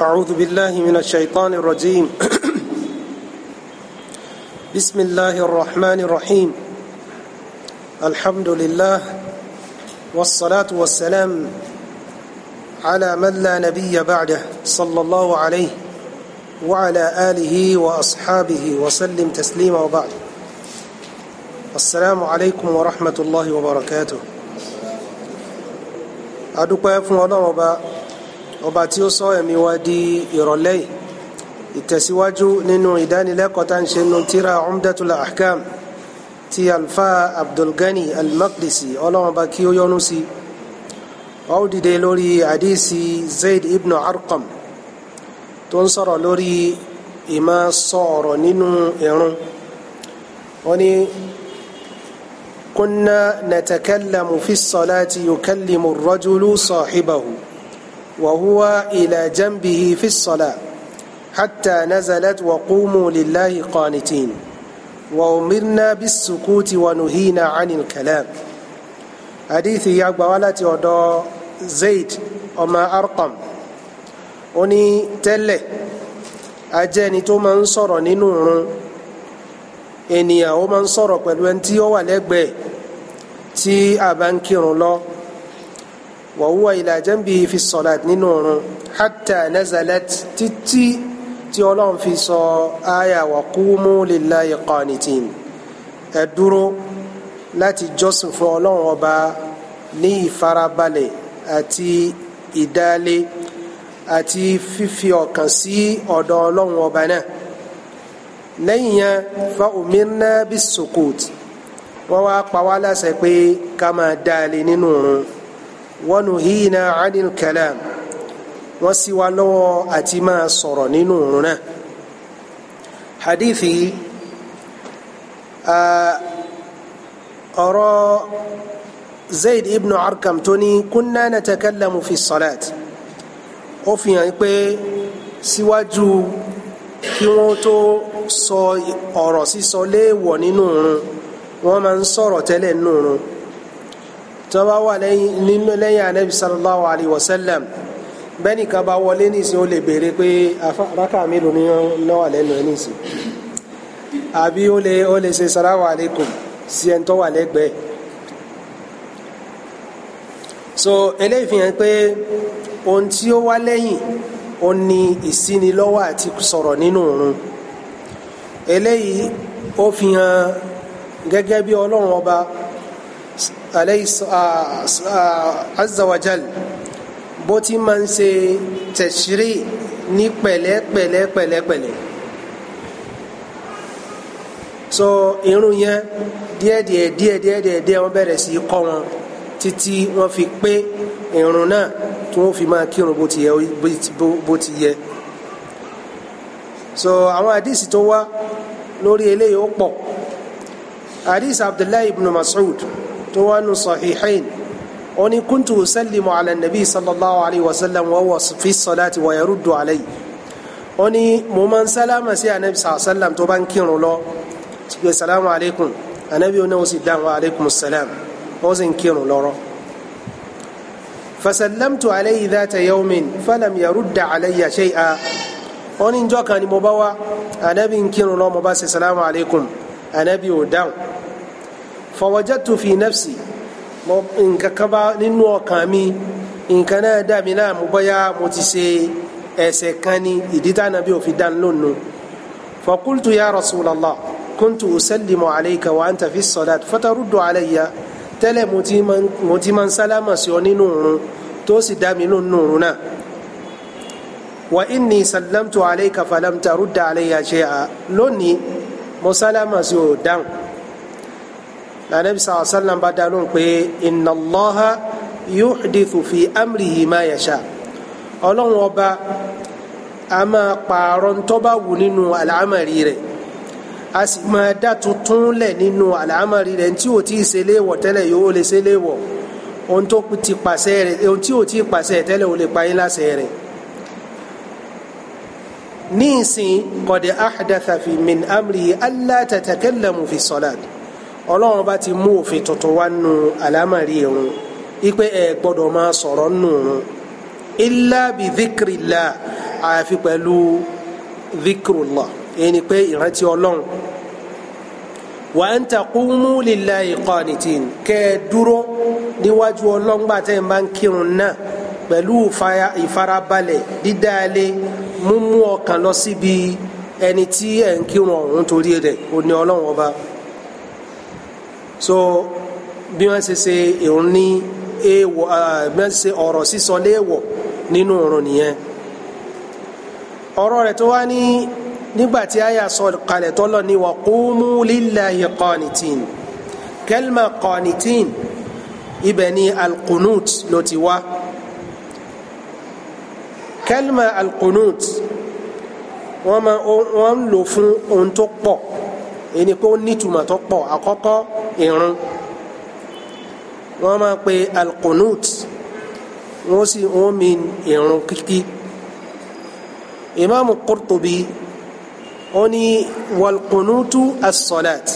أعوذ بالله من الشيطان الرجيم بسم الله الرحمن الرحيم الحمد لله والصلاة والسلام على من لا نبي بعده صلى الله عليه وعلى آله وأصحابه وسلم تسليما وبعد السلام عليكم ورحمة الله وبركاته أدوكم يا فنوان ọba tí ó sọ ẹ̀mí wa di ìrọ̀lẹ́ yìí ìtẹ̀síwájú nínú ìdánilẹ́kọ̀ọ́ tá à ń ṣe nínú tíra umdatul ahkam ti alfa abdulgani almaqdisi ọlọ́run ọba kí ó yọ́nú sí ó dìde lórí àdísì zayd ibn arqam tó ń sọ̀rọ̀ lórí ìmọ̀ sọ̀rọ̀ nínú ìrun wọ́n ní kunna natakallamu fi ssalati yukallimu ar-rajulu sahibahu. وهو إلى جنبه في الصلاة حتى نزلت وقوموا لله قانتين وأمرنا بالسكوت ونهينا عن الكلام حديث يقبالة ودو زيد وما أرقم أني تله أجاني تو من صر ننور ènìyàn ó máa ń sọ̀rọ̀ pẹ̀lú ẹni tí ó wà lẹ́gbẹ̀ẹ́ tí a wa huwa ila janbihi fi salat nínú ọ̀run hatta nazalat títí tí ọlọ́run fi sọ àyà wa qumu lillahi qanitin ẹ dúró láti jọ́sìn fún ọlọ́run ọba ní ìfarabalẹ̀ àti ìdálé àti fífi ọkàn sí ọ̀dọ̀ ọlọ́run ọba náà lẹ́yìn yẹn fa umirna bis sukut wọ́n wá pa wá láṣẹ pé ká máa dálé nínú òrun wanuhina anil kalam wọ́n sì wá lọ́wọ́ àti máa sọ̀rọ̀ nínú òun náà hadithi ọ̀rọ̀ zayd ibn arkam tó ní kunna natakallamu fi salat ó fi hàn pé síwájú kí wọ́n tó sọ ọ̀rọ̀ sísọ léèwọ̀ nínú òun wọ́n máa ń sọ̀rọ̀ tẹ́lẹ̀ nínú òun tó bá wà nínú lẹ́yìn anabi sallallahu alayhi wa sallam bẹ́ẹ̀ni kan bá wọlé nísìnyí ó lè béèrè pé rákà mélòó ni wọ́n wà lẹ́nu ẹ̀ nísìnyí àbí ó lè ó lè ṣe salamu alaykum sí ẹni tó wà lẹ́gbẹ̀ẹ́ so eléyìí fi hàn pé ohun tí ó wá lẹ́yìn ó ní ìsínilọ́wọ́ àti sọ̀rọ̀ nínú òun eléyìí ó fi hàn gẹ́gẹ́ bí ọlọ́run ọba alayhi azza wa jal bó ti máa ń ṣe tẹ̀sírì ní pẹ̀lẹ́pẹ̀lẹ́ pẹ̀lẹ́pẹ̀lẹ́ so irun yẹn díẹ̀díẹ̀ díẹ̀díẹ̀ díẹ̀ wọ́n bẹ̀rẹ̀ sí í kọ́ wọn títí wọ́n fi pé irun náà tí wọ́n fi máa kírun bó ti yẹ bó ti yẹ so àwọn àdìsí tó wá lórí eléyìí ó pọ̀ àdìsí Abdullahi ibn Mas'ud tó wà nù sahihain oni kuntu usallimu ala nabi sallallahu alayhi wa sallam wa huwa fi salati wa yaruddu alayhi oni mo máa ń sálámà sí anabi sallam tó bá ń kírun lọ sọ salamu alaykum anabi onáwó sì dáhùn wa alaykum salam wọ́n sì ń kírun lọ́rọ́. فسلمت عليه ذات يوم فلم يرد علي شيئا wọ́n ní njọ́ kan ni mo bá wá anabi ń kírun lọ mo bá ṣe salamu alaykum anabi ò dáhùn fawajadtu fi nafsi mo nǹkan kan bá nínú ọkàn mi nǹkan náà dà mí náà mo bóyá mo ti ṣe ẹ̀ṣẹ̀ kan ní ìdí tá nàbí òfin dán lónìí fakultu ya rasulallah kuntu usallimu alayka wa anta fi salat fataruddu alayya tẹ́lẹ̀ mo ti máa ń sálámà ọ nínú òrun tó sì dá mi lónìí òrun náà wa inni sallamtu alayka falam tarudda alayya shay'a lónìí mo sálámà sí ọ dáhùn nànẹ́bí sàlá sàlám bá dáná pé inna Allaha yuhdithu fi amrihi ma yasha ọlọ́run ọba a máa pààrọ̀ ntọ́ba wù nínú àlámàrí rẹ̀ a sì máa dá tuntun lẹ̀ nínú àlámàrí rẹ̀ ntí o ti ṣe léèwọ̀ tẹ́lẹ̀ yóò lè ṣe léèwọ̀ ohun tó ti pàṣẹ rẹ̀ ohun tí o ti pàṣẹ tẹ́lẹ̀ o lè pa yín láṣẹ rẹ̀ níìsín qad ahdatha fi min amrihi alla tatakallamu fi salat ọlọ́run bá ti mú òfin tuntun wá nù àlámàrí irun ipe ẹ gbọ́dọ̀ máa sọ̀rọ̀ nù irun illa bi dhikrillah àyàfi pẹ̀lú dhikrullah èyí ni pé ìrántí ọlọ́run wa an taqumu lillahi qanitin kẹ́ ẹ dúró níwájú ọlọ́run gbà tẹ́ ẹ bá ń kírun náà pẹ̀lú ìfarabalẹ̀ dídáalé mímú ọkàn lọ síbi ẹni tí ẹ̀ ń kírun ọ̀hún torí rẹ̀ ó ọlọ́run ọba so bí wọ́n ṣe ṣe ìrun ní èèwọ̀ bí wọ́n ṣe ṣe ọ̀rọ̀ sísọ léèwọ̀ nínú ìrun nìyẹn ọ̀rọ̀ rẹ̀ tó wá ní nígbà tí àyà sọ kalẹ̀ tọ́lọ̀ ní wa qumu lillahi qanitin kẹlma qanitin ibẹ̀ ni alqunut ló ti wá kẹlma alqunut wọ́n máa ń lò fún ohun tó pọ̀ èyí pé ó nítumọ̀ tó pọ̀ àkọ́kọ́ irun wọ́n máa pe alqunut wọ́n sì wọ́n mi irun kíkí imaamu qurtubi ó ní walqunutu as-salat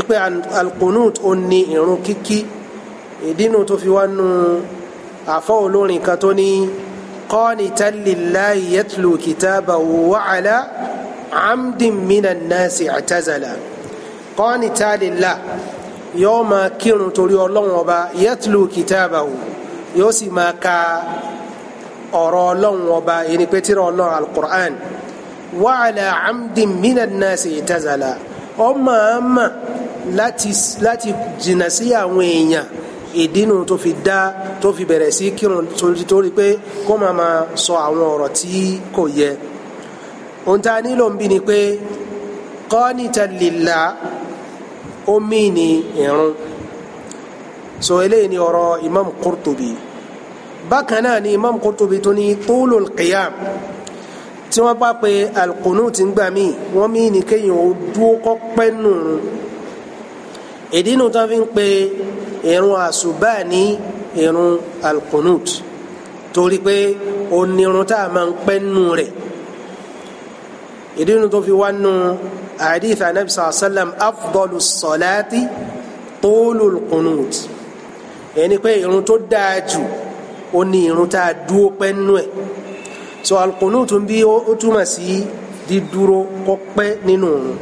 ipe alqunut ó ní irun kíkí ìdínú tó fi wá nu àfọ olórin kan tó ní qanitan lillahi yatlu kitabahu wa ala amdin nasi i'tazala qanita lillah yóò máa kírun torí ọlọ́run ọba yatlu kitabahu yóò sì máa ka ọ̀rọ̀ ọlọ́run ọba yìí ni pé tírà ọlọ́run alukur'an wa ala amdin minan nasi itazala ọmọ àmà láti jìnnà sí àwọn èèyàn ìdínú tó fi dá tó fi bẹ̀rẹ̀ sí kírun torí pé kó máa máa sọ àwọn ọ̀rọ̀ tí kò yẹ ohun tá a nílò ń bí ni pé qanitan lillah ó mìíní ìrun so eléyìí ni ọ̀rọ̀ imam Qurtubi bákan náà ni imam Qurtubi tó ní tulul qiyam tí wọ́n bá pe al-qunut ti ń gbà mí wọ́n mìíní kéèyàn ó dúó kọ́ pẹ́ nùrùn ìdí inú tó fi ń pe ìrun àṣùbà ní ìrun al torí pé onírun tá a máa ń pẹ́ nù rẹ̀ ìdí inú tó fi wá nù àdìsí anabi sàlá sàlám afdọlù sọláàtì tóólù kùnùt ẹni pé irun tó dáa jù ó ní irun tá a dúró pẹ́ ẹ̀ so alkùnùt bí ó túmọ̀ sí dídúró kó pẹ́ nínú òun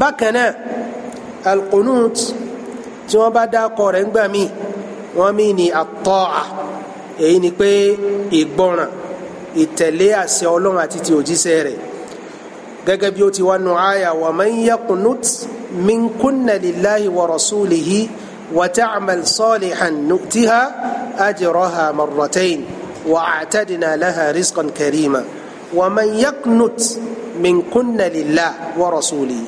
bákan náà alkùnùt tí wọ́n bá dá ọkọ rẹ̀ ńgbà míì wọ́n mí ní àtọ́à èyí ni pé ìgbọràn ìtẹ̀lé àṣẹ ọlọ́run àti ti òjíṣẹ́ rẹ̀ gẹ́gẹ́ bí ó ti wá nu àyà wa man yaqnut minkunna lillahi wa rasulihi wa ta'mal salihan nu'tiha ajraha marratayn wa a'tadna laha rizqan karima wa man yaqnut minkunna lillahi wa rasulihi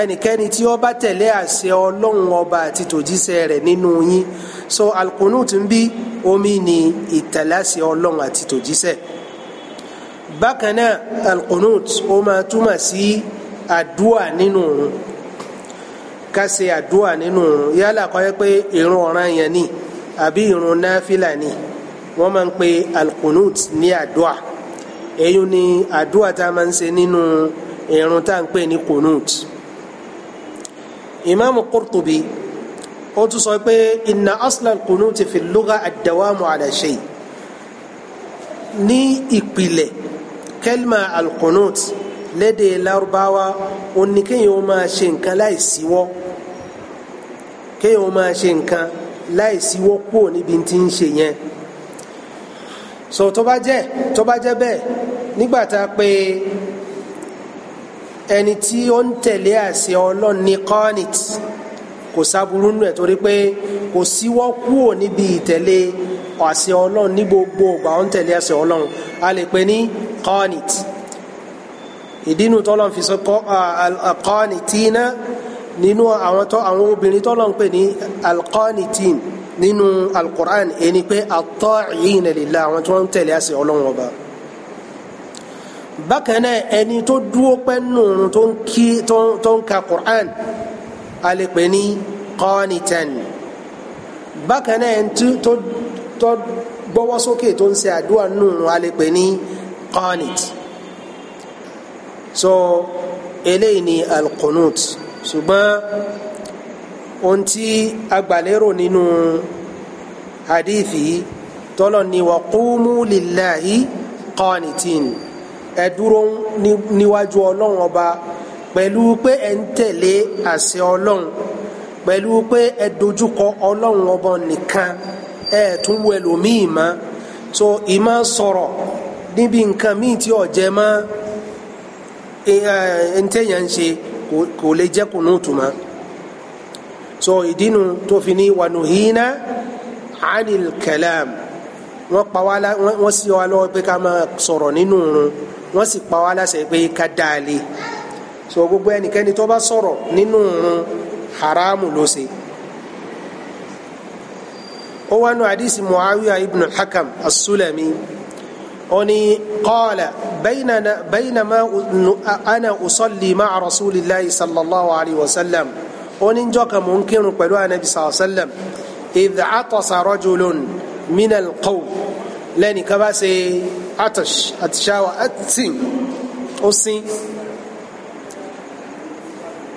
ẹnikẹ́ni tí ó tẹ̀lé àṣẹ ọlọ́run ọba àti tòjíṣẹ́ rẹ̀ nínú yín so alqunut ń bí omi ni ìtẹ̀lé àṣẹ ọlọ́run àti tòjíṣẹ́ bákan náà alqunut ó máa túmọ̀ sí àdúà nínú òun ká ṣe àdúà nínú òun yálà kọ́ yẹ pé ìrun ọ̀ràn yẹn ni àbí ìrun náfìlà ni wọ́n máa ń pe alqunut ní àdúà èyí ni àdúà tá a máa ń ṣe nínú ìrun tá à ń pè ní qunut imaamu qurtubi ó tún sọ pé inna asla alqunut fi lugha ad-dawamu ala ní ìpìlẹ̀ kẹlima alqunut lédè Lárúbáwá òní kéèyàn máa ṣe nǹkan láì síwọ́ kéèyàn máa ṣe nǹkan láì síwọ́ kúrò níbi tí ń ṣe yẹn so tó bá jẹ́ tó bá jẹ́ bẹ́ẹ̀ nígbà tá a pé ẹni tí ó ń tẹ̀lé àṣẹ Ọlọ́run ní kọ́nìt kò sábúrú nù ẹ̀ torí pé kò síwọ́ kúrò níbi ìtẹ̀lé àṣẹ Ọlọ́run ní gbogbo ìgbà ó ń tẹ̀lé àṣẹ Ọlọ́run a lè pè ní qanit ìdínú tọ́lọ́ fi sọ alqanitina nínú àwọn tó àwọn obìnrin tọ́lọ́ ń pè ní alqanitin nínú alquran ẹni pé at-ta'ina lillah àwọn tí wọ́n ń tẹ̀lé àṣẹ ọlọ́run ọba bákan náà ẹni tó dúró pẹ́ nùrùn tó ń kí ka quran a lè pè ní qanitan bákan ẹni tó gbọ́wọ́ tó ń ṣe àdúrà nùrùn a lè pè ní qanitan qanit so eléyìí ni alqunut ṣùgbọ́n ohun tí agbalérò nínú hadithi tọ́lọ̀ ni wa qumu lillahi qanitin ẹ dúró níwájú ọlọ́run ọba pẹ̀lú pé ẹ ń tẹ̀lé àṣẹ ọlọ́run pẹ̀lú pé ẹ dojúkọ ọlọ́run ọba nìkan ẹ tún wẹlòmíì mọ́ so ìmọ̀ sọ̀rọ̀ níbi nǹkan míì tí ọ̀jẹ̀ mọ́ ẹ̀ńtẹ̀yà ń ṣe kò lè jẹ́ kùnú tuma so ìdínú tó fi ní wànúhínà anil kalam wọ́n pa wá wọ́n sì wá lọ́wọ́ pé ká máa sọ̀rọ̀ nínú oorun wọ́n sì pa wá láṣẹ pé ká dáálé so gbogbo ẹnikẹ́ni tó bá sọ̀rọ̀ nínú oorun haramu ló ṣe. ó wá nu hadisi muawiya ibn as-sulami. as sulami أني قال بيننا بينما أنا أصلي مع رسول الله صلى الله عليه وسلم أني جاك ممكن قالوا النبي صلى الله عليه وسلم إذ عطس رجل من القوم لأني كباسي عطش أتشاوى أتسين أسين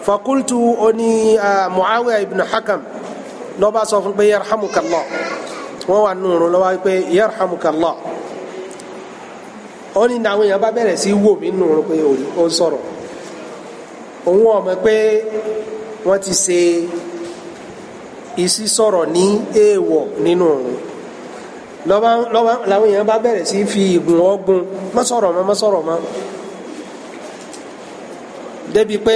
فقلت أني معاوية بن حكم لو بأسوا يرحمك الله وهو النور لو يرحمك الله ọ ní àwọn èèyàn bá bẹ̀rẹ̀ sí wò mí nù pé ó ń sọ̀rọ̀ òun ọmọ pé wọ́n ti ṣe ìsísọ̀rọ̀ ní èèwọ̀ nínú òun lọ́ba làwọn èèyàn bá bẹ̀rẹ̀ sí fi ìgùn ọgbun má mọ́ má mọ́ débi pé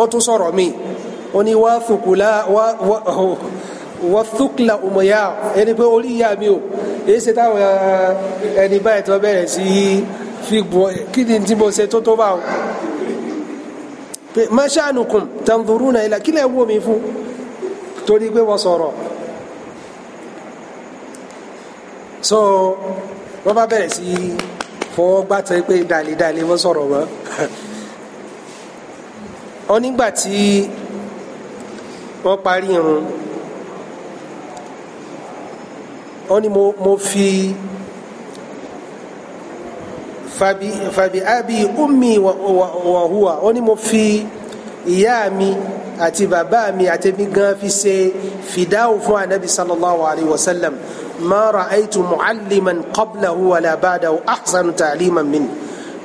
ó tún sọ̀rọ̀ mi ó ní wá fukula wá wá wá fukula ẹni pé orí ìyá mi èyí ṣe táwọn eh, ẹni báyìí tó bẹ̀rẹ̀ sí fi bọ̀ kí ni tí mo ṣe tó tó bá o ma sha'nukum tanzuruna ila kí lè wò mí fún torí pé wọ́n sọ̀rọ̀ so wọ́n bá bẹ̀rẹ̀ sí fọwọ́ gbàtọ́ pé dàlídàlí wọ́n sọ̀rọ̀ mọ́ onígbà tí wọ́n parí irun ó ní mo mo fi fabi fabi abi ummi wa wa wa huwa ó ní mo fi ìyá mi àti bàbá mi àti mi gan fi ṣe fìdáwò fún anabi sallallahu alayhi wa sallam ma ra'aytu mu'alliman qablahu wala ba'dahu ahsanu ta'liman min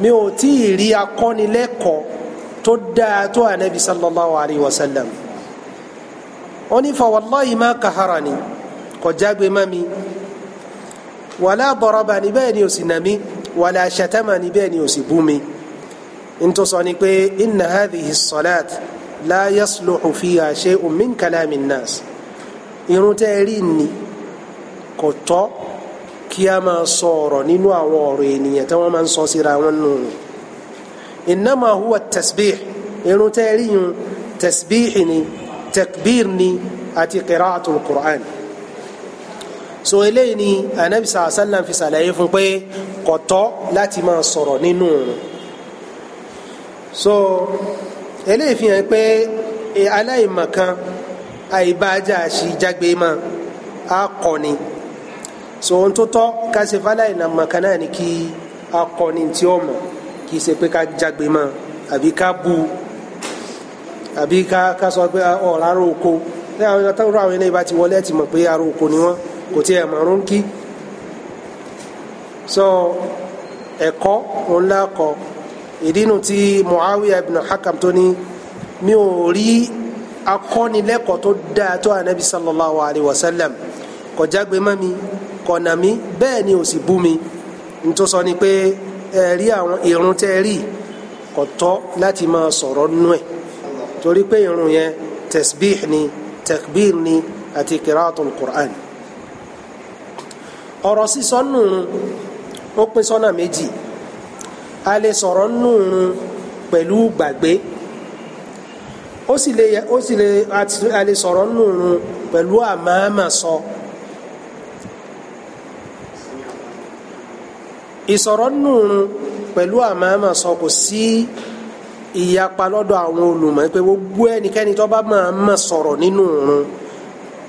mi ò tí ì rí akọ́nilẹ́kọ̀ọ́ tó dáa anabi sallallahu alayhi wa sallam ó ní fa wallahi ma kaharani kọjágbe má mi wàlá bọ̀rọ̀bà ni bẹ́ẹ̀ ni ò sì nà mí wàlá ṣàtàmà ni bẹ́ẹ̀ ni ò sì bú mi ntọ́ sọ ni pé inna hadhihi salat la yasluhu fiha shay'un min kalami nnas irun tẹ́ rí ni kò tọ́ kí a máa sọ ọ̀rọ̀ nínú àwọn ọ̀rọ̀ ènìyàn tí wọ́n máa ń sọ síra wọn nù innama huwa tasbih irun tẹ́ rí yun tasbih ni takbir ni àti qira'atul qur'an so eléyìí ni anabi sàlám fi sàlàyé fún pé kò tọ́ láti máa sọ̀rọ̀ nínú òun so eléyìí fi hàn pé aláìmọ̀kan àìbájá àṣìjágbe mọ́ a kọ́ so ohun tó tọ́ ká ṣe náà ni kí a kọ́ ni tí ó mọ̀ kì í ṣe pé ká jágbe mọ́ àbí ká bu àbí ká sọ pé ah, ọ̀rọ̀ ará oko ní àwọn ìlànà tó rọ àwọn ilé ìbá ti wọlé ẹ̀ ti mọ̀ pé ará ni wọ́n kò tí ẹ mọ̀rún kí so ẹ̀kọ́ ńlá kọ ìdínú tí Muawiya ibn Hakam tó ní mi ò rí akọ́nilẹ́kọ̀ọ́ tó dáa tó anabi sallallahu alayhi wa sallam kò jágbe mọ́ mi kò nà mí bẹ́ẹ̀ ni ò sì bú mi nítorí sọ ni pé ẹ rí àwọn irun tẹ́ rí kò tọ́ láti máa sọ̀rọ̀ nú ẹ̀ torí pé irun yẹn tẹ̀sbíh ni tẹ̀kbír ni àti kìrààtùn Qur'an ọ̀rọ̀ sísọ nùrùn ó pín sọ́nà méjì a lè sọ̀rọ̀ nùrùn pẹ̀lú gbàgbé ó sì lè ó sì lè a lè sọ̀rọ̀ nùrùn pẹ̀lú àmàmà sọ. ìsọ̀rọ̀ nùrùn pẹ̀lú àmàmà sọ kò sí ìyapa lọ́dọ̀ àwọn olùmọ̀ pé gbogbo ẹnikẹ́ni tó bá máa ma sọ̀rọ̀ nínú ìrun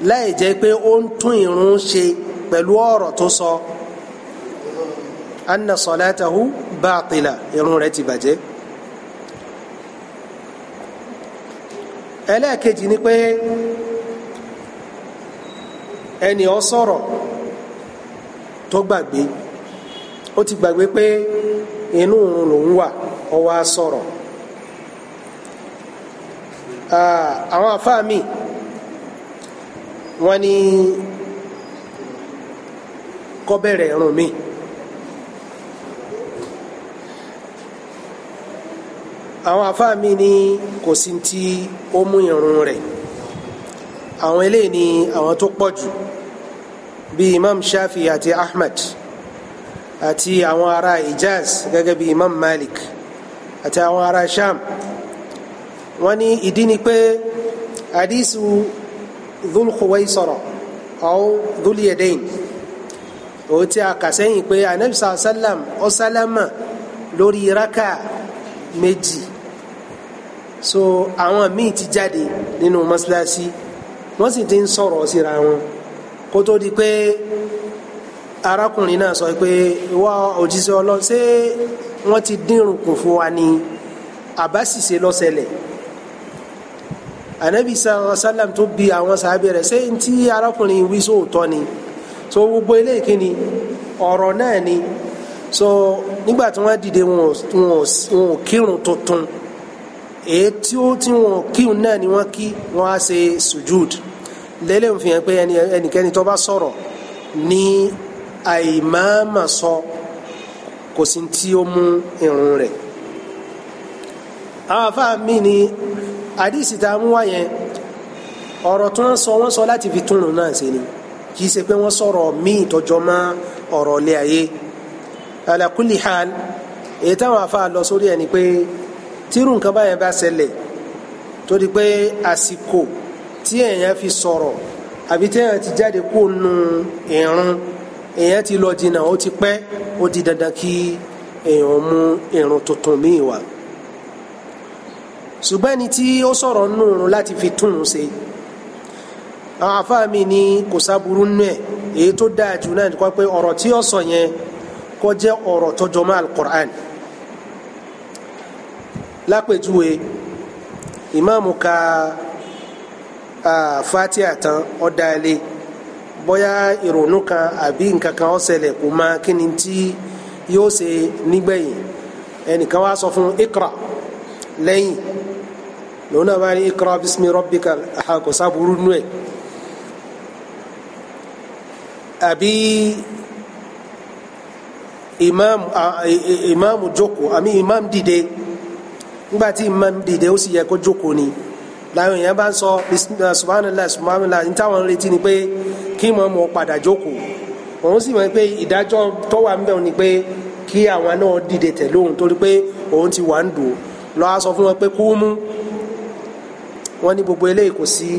láì jẹ́ pé ó ń tún ìrun ṣe pẹ̀lú ọ̀rọ̀ tó sọ anna salatahu baatila irun rẹ̀ ti bàjẹ́. ẹlẹ́ẹ̀kejì ni pé ẹnì ọ sọ̀rọ̀ tó gbàgbé ó ti gbàgbé pé inú òun lòún wà ó wá sọ̀rọ̀ ah, àwọn àfáà mi wọ́n kó bẹ̀rẹ̀ irun mi. àwọn àfáà mi ní kò sí ti ó mú irun rẹ̀ àwọn eléyìí ni àwọn tó pọ̀ jù bíi imam shafi àti ahmed àti àwọn ará ijaz gẹ́gẹ́ bíi imam malik àti àwọn ará sham wọ́n ní ìdí ni pé hadisu dhul khuwaisara aw òun tí a kà sẹ́yìn pé salam, sàlám ọ̀sálàmà lórí raka meji. so àwọn míì ti jáde nínú mọ́ṣáláṣí wọ́n sì ti ń sọ̀rọ̀ síra wọn kó tó di pé arákùnrin náà sọ pé wá òjíṣẹ́ ọlọ́ ṣé wọ́n ti dínrùn kù fún wa ni àbá ṣìṣe lọ́sẹ̀lẹ̀ anabi sàlám tó bi àwọn sàábẹ̀ rẹ̀ ṣé ntí arákùnrin wí sóòótọ́ ni. So, so gbogbo eléyìí kí ni ọ̀rọ̀ náà ni so nígbà tí wọ́n dìde wọn ò kírun tuntun èyí tí ó tí wọn kírun náà ni wọ́n kí wọ́n á ṣe sujud lélẹ̀ ń fi hàn pé ẹnikẹ́ni tó bá sọ̀rọ̀ ní àìmáàmà sọ kò sí tí ó mú irun rẹ̀ àwọn afáà mi ni àdìsí tá a mú wáyẹn ọ̀rọ̀ tí wọ́n sọ wọ́n sọ láti fi túnrun náà ṣe ni kì í ṣe pé wọ́n sọ̀rọ̀ míì tọjọ́ mọ́ ọ̀rọ̀ ilé ayé ala kulli hal èyí táwọn afa lọ sórí ẹni pé tírù nǹkan báyẹn bá ṣẹlẹ̀ tó di pé àsìkò tí èèyàn fi sọ̀rọ̀ àbí téèyàn ti jáde kó nu ìrun èèyàn ti lọ jìnnà ó ti pẹ́ ó di dandan kí èèyàn mú ìrun tuntun míì wá ṣùgbọ́n ẹni tí ó sọ̀rọ̀ nù láti fi túnun ṣe àwọn afáàmì ni kò sábúrú nù ẹ̀ èyí tó dáa jù náà nípa pé ọ̀rọ̀ tí ó sọ yẹn kó jẹ́ ọ̀rọ̀ tó mọ́ alukur'an lápèjúwe ìmáàmù ka fatiha tán ó dáálé bóyá ìrònú kan àbí nǹkan kan ó ṣẹlẹ̀ kò mọ kí ni tí yóò ṣe nígbẹ̀yìn ẹnìkan wá sọ fún ikra lẹ́yìn lòun náà bá ní ikra bismi rabbika àkọsáburú nù ẹ̀ àbí imam e, imam joko àmì ìmáàmù dìde nígbà tí imam dìde ó sì yẹ kó joko ni làwọn èèyàn bá ń sọ subhanallah subhanallah ní táwọn retí ni pé kí ìmáàmù padà jókòó òun sì mọ̀ pé ìdájọ́ tó wà ń ni pé kí àwọn náà dìde tẹ̀lé òun torí pé òun ti wà ń dùn lọ́ a sọ fún wọn pé kú mú wọn ní gbogbo eléyìí kò sí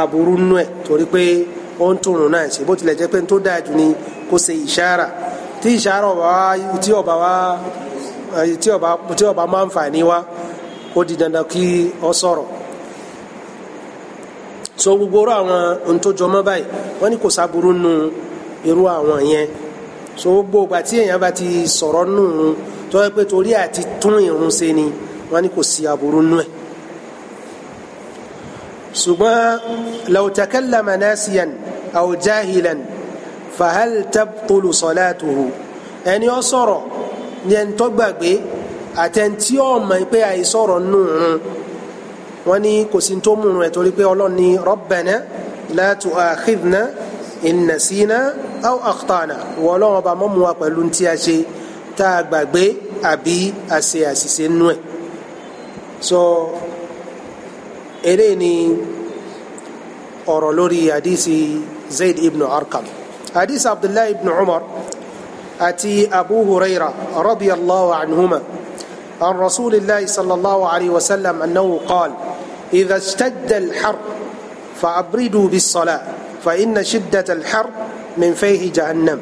aburú nú ẹ̀ torí pé ó ń túrun náà ṣe bó tilẹ̀ jẹ́ pé tó dáa jù ni kó ṣe ìṣára tí ìṣára ọba wa tí ọba wa eh, tí ọba tí ọba máa ń fà ní wa ó di dandan kí ọ sọ̀rọ̀ so gbogbo irú àwọn ohun tó jọmọ́ báyìí wọ́n ní kò sábúrú nu irú àwọn yẹn so gbogbo ìgbà tí èèyàn bá ti sọ̀rọ̀ nù tó yẹ pé torí àti tún ìrun ṣe ni wọ́n ní kò sí aburú nù ẹ̀ ṣùgbọ́n law takallama nasiyan aw jahilan fahal tabtulu salatuhu ẹni ó sọ̀rọ̀ ní ẹni tó gbàgbé àtẹ̀ntí ọ̀mọ̀ pé àìsọ̀rọ̀ nù ún wọn ní kò sí tó mú un rẹ̀ torí pé ọlọ́run ní rabbana la tu'akhidhna in nasina aw akhtana ọba mọ́mú wa pẹ̀lú ti a ṣe tá a gbàgbé àbí a àṣìṣe nù ẹ̀ so eléyìí ni ọ̀rọ̀ lórí hadisi zayd ibn arqam hadisi abdullahi ibn umar àti abu huraira radiyallahu anhuma an rasulillahi sallallahu alayhi wa sallam annahu qaal idha ishtadda al-har fa'abridu bis-salah fa inna shiddata al-har min fayhi jahannam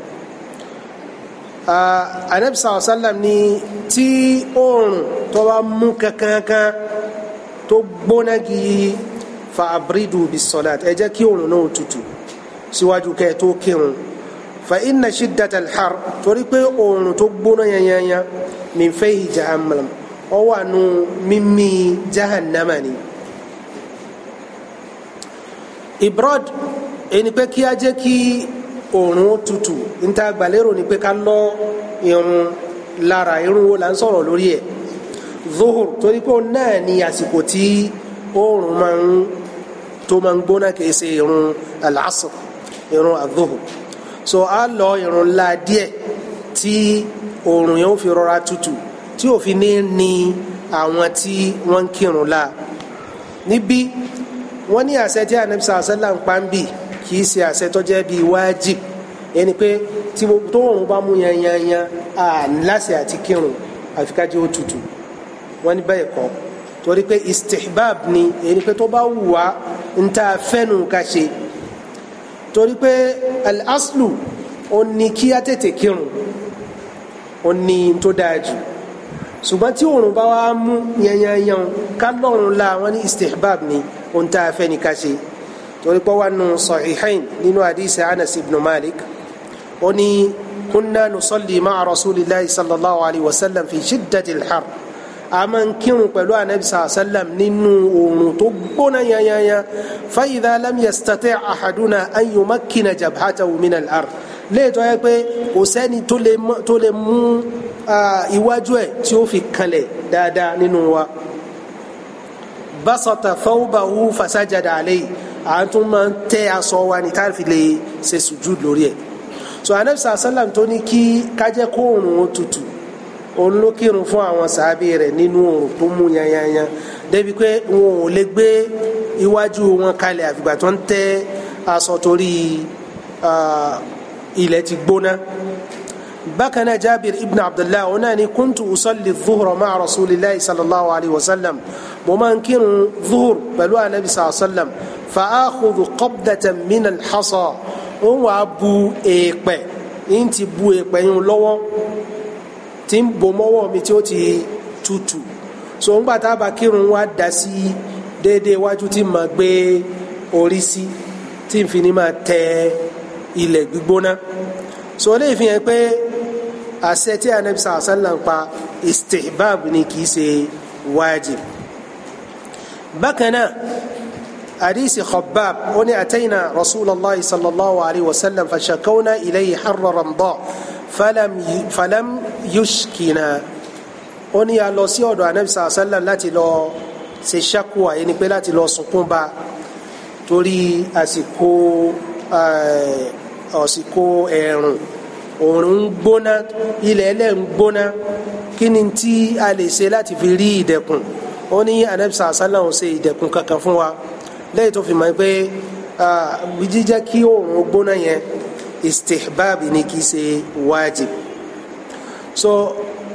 anabi sallallahu alayhi wa sallam ni tí oòrùn tó bá mú kankan kan tó gbóná gíyí fa abridu bis salat ẹ jẹ́ kí òrùn náà tutù síwájú kẹ́ ẹ tó kírun fa inna shiddata al-har torí pé òrùn tó gbóná yanyanya min fayhi jahannam ọ wà nù mímí jahannama ni. ibrod ẹni pé kí a jẹ́ kí òrùn tutù níta gbàlérò ni pé ká lọ irun lára irun wo là ń sọ̀rọ̀ lórí ẹ̀ zuhur torí pé náà ni àsìkò tí oòrùn máa ń tó máa ń gbóná kìí ṣe irun al irun az so a lọ irun la díẹ̀ tí oòrùn yẹn ó fi rọra tutù tí ó fi ní ní àwọn tí wọ́n ń kírun la níbí wọ́n ní àṣẹ tí anabisa àṣẹlá ń pa ń bì kì í ṣe àṣẹ tó jẹ́ bíi wájib ẹni pé tí tó bá mú yanyanyan à ń láṣẹ àti kírun àfikájẹ́ ó tutù wọ́n ní bẹ́ẹ̀ kọ́ torí pé istihbab ni èyí pé tó bá wù wá ń ta fẹ́nu ká ṣe torí pé al-aslu ó ní kí á tètè kírun ó ní tó dáa jù ṣùgbọ́n tí òòrùn bá wá mú yanyanyan ká lọ́rùn la wọ́n ní istihbab ni ó ń ta fẹ́ni ká ṣe torí pé wọ́n nu sahihain nínú hadisi Anas ibn Malik ó ní kunna nusalli ma'a rasulillahi sallallahu alayhi wa sallam fi shiddatil har a máa ń kírun pẹ̀lú anabi sàlám nínú oòrùn tó gbóná yanyanya fayidà lam yastati' ahaduna an yumakkina jabhatahu min al-ard léètọ́ yẹ pé kò sẹ́ni tó lè mú iwájú ẹ̀ tí ó fi kanlẹ̀ dáadáa nínú wa basata thawbahu fasajada alayhi à tún máa ń tẹ́ aṣọ wa ní tá fi lè ṣe sùjúd lórí ẹ̀ so anabi sàlám tó ní kí kájẹ́ kóòrùn ó tutù olókìrun fún àwọn sàábì rẹ̀ nínú oòrùn tó mú yanyanya débi pé wọn ò lè gbé iwájú wọn kalẹ̀ àfìgbà tó ń tẹ́ aṣọ torí ilẹ̀ ti gbóná bákan náà Jabir ibn Abdullah ọ̀nà ni kuntu usalli dhuhra ma'a rasulillahi sallallahu alayhi wa sallam mo máa ń kírun dhuhr pẹ̀lú anabi sallallahu alayhi wa sallam fa akhudhu qabdatan min al-hasa òun wàá bu èèpẹ̀ ń ti bu èèpẹ̀ yín lọ́wọ́ tí ń bò mọ́wọ́ mi tí ó ti tutù so ńgbà tá a bá kírun wá da sí déédéé iwájú tí màá gbé orí sí tí n fi ni máa tẹ ilẹ̀ gbígbóná so ó lè fi hàn pé àṣẹ tí anabi sàlá ń pa istihbab ni kì í ṣe wájib bákan náà hadisi khabbab ó ní atayna rasulallah sallallahu alayhi wa sallam fashakawna ilayhi harra ramdaa falam yushkina ó ní a lọ sí ọ̀dọ̀ anabi sàlá láti lọ ṣe ṣàkóso àyè ni pé láti lọ sunkún bá torí àsìkò eh, àsìkò ẹ̀rùn òòrùn ń gbóná ilẹ̀ ẹlẹ́ ń gbóná kí ni tí a lè ṣe láti fi rí ìdẹ̀kùn ó ní anabi sàlá ń ṣe ìdẹ̀kùn kankan fún wa lẹ́yìn tó fi mọ̀ pé ah, jíjẹ́ kí òòrùn gbóná yẹn istihbab ni kì í ṣe wájib so